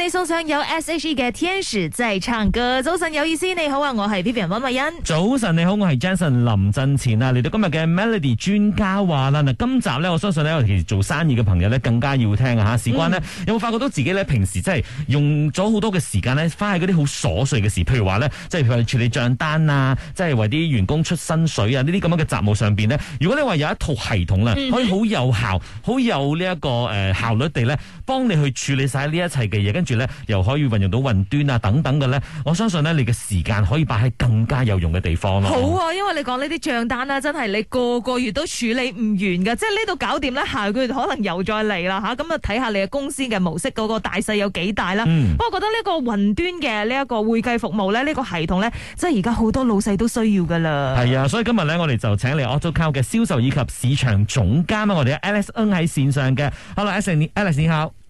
你送上有 SHE 嘅天使即係唱歌。早晨有意思，你好啊，我係 Vivian 溫慧欣。早晨你好，我係 Jason 林振前啊。嚟到今日嘅 Melody 專家話啦，嗱，今集咧，我相信咧，尤其做生意嘅朋友咧，更加要聽吓。事關咧，有冇發覺到自己咧，平時真係用咗好多嘅時間咧，花喺嗰啲好瑣碎嘅事，譬如話咧，即係譬如處理賬單啊，即係為啲員工出薪水啊，呢啲咁樣嘅雜務上邊咧，如果你話有一套系統啦，可以好有效、好有呢一個誒效率地咧，幫你去處理晒呢一切嘅嘢，又可以運用到雲端啊，等等嘅咧。我相信咧，你嘅時間可以擺喺更加有用嘅地方咯。好啊，因為你講呢啲賬單咧，真係你個個月都處理唔完嘅，即係呢度搞掂咧，下個月可能又再嚟啦咁啊，睇下你嘅公司嘅模式嗰、那個大細有幾大啦。嗯、不過我覺得呢個雲端嘅呢一個會計服務咧，呢、這個系統咧，即係而家好多老細都需要噶啦。係啊，所以今日咧，我哋就請嚟澳 o c a l 嘅銷售以及市場總監啊，我哋 a l s N 喺線上嘅。h e l l o l s n 你好。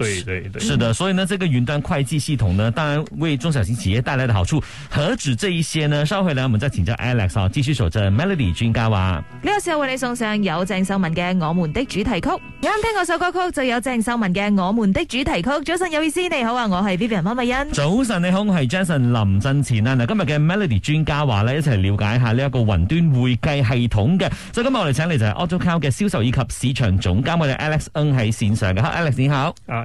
對對對，對對是的，所以呢，這個雲端會計系統呢，當然為中小型企業帶來的好處何止這一些呢？稍後呢我們再請教 Alex 啊，繼續守在 Melody 專家話。呢個時候為你送上有鄭秀文嘅我們的主題曲，啱、嗯、聽嗰首歌曲就有鄭秀文嘅我們的主題曲。早晨有意思，你好啊，我係 Vivian 温美欣。早晨你好，我係 Jason 林振前啦。嗱、啊，今日嘅 Melody 專家話呢一齊了解一下呢一個雲端會計系統嘅。所以今日我哋請嚟就係 AutoCount 嘅銷售以及市場總監，我哋 Alex Ng 喺線上嘅，吓 Alex 你好。啊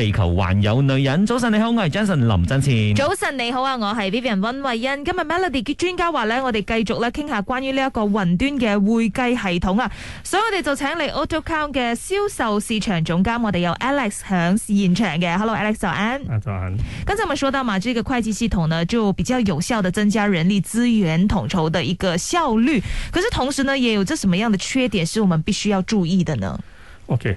地球還有女人，早晨你好，我係 Jason 林振前。早晨你好啊，我係 Vivian 溫慧欣。今日 Melody 嘅專家話咧，我哋繼續咧傾下關於呢一個雲端嘅會計系統啊。所以我哋就請嚟 AutoCount 嘅銷售市場總監，我哋有 Alex 響現場嘅。Hello，Alex 早安。早安。早安。剛才我們說到嘛，這個會計系統呢，就比較有效地增加人力資源統籌的一個效率。可是同時呢，也有着什麼樣的缺點，是我們必須要注意的呢？OK。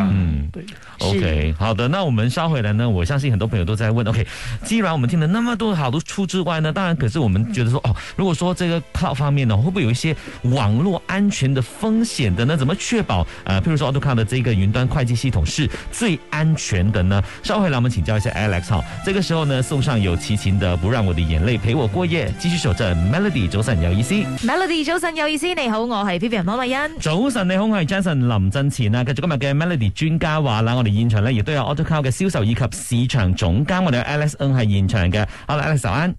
嗯，對，OK，是好的，那我們稍回來呢，我相信很多朋友都在問，OK，既然我們聽了那麼多好多出之外呢，當然可是我們覺得說，哦，如果說這個 cloud 方面呢，會不會有一些網絡安全的風險的呢？怎麼確保，呃，譬如說 AutoCount 的這個雲端會計系統是最安全的呢？稍回來，我們請教一下 Alex 好這個時候呢，送上有齊秦的《不讓我的眼淚陪我過夜》，繼續守着 Melody，早晨有意思，Melody，早晨有意思，你好，我係 P P R 潘偉恩，早晨你好，我係 Jason 林俊奇。啊，繼續今日嘅 Melody。專家話啦，我哋現場咧亦都有 AutoCount 嘅銷售以及市場總監，我哋 LSN 係現場嘅，阿 LSN，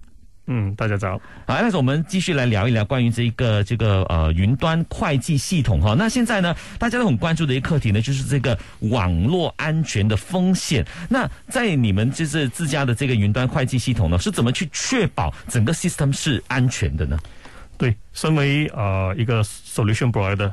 嗯，大家早，好，開始，我們繼續嚟聊一聊關於這個，這個，呃，雲端會計系統哈。那現在呢，大家都很關注嘅一個課題呢，就是這個網絡安全的風險。那在你們就是自家的這個雲端會計系統呢，是怎麼去確保整個 system 是安全的呢？對，身為呃一個 solution provider。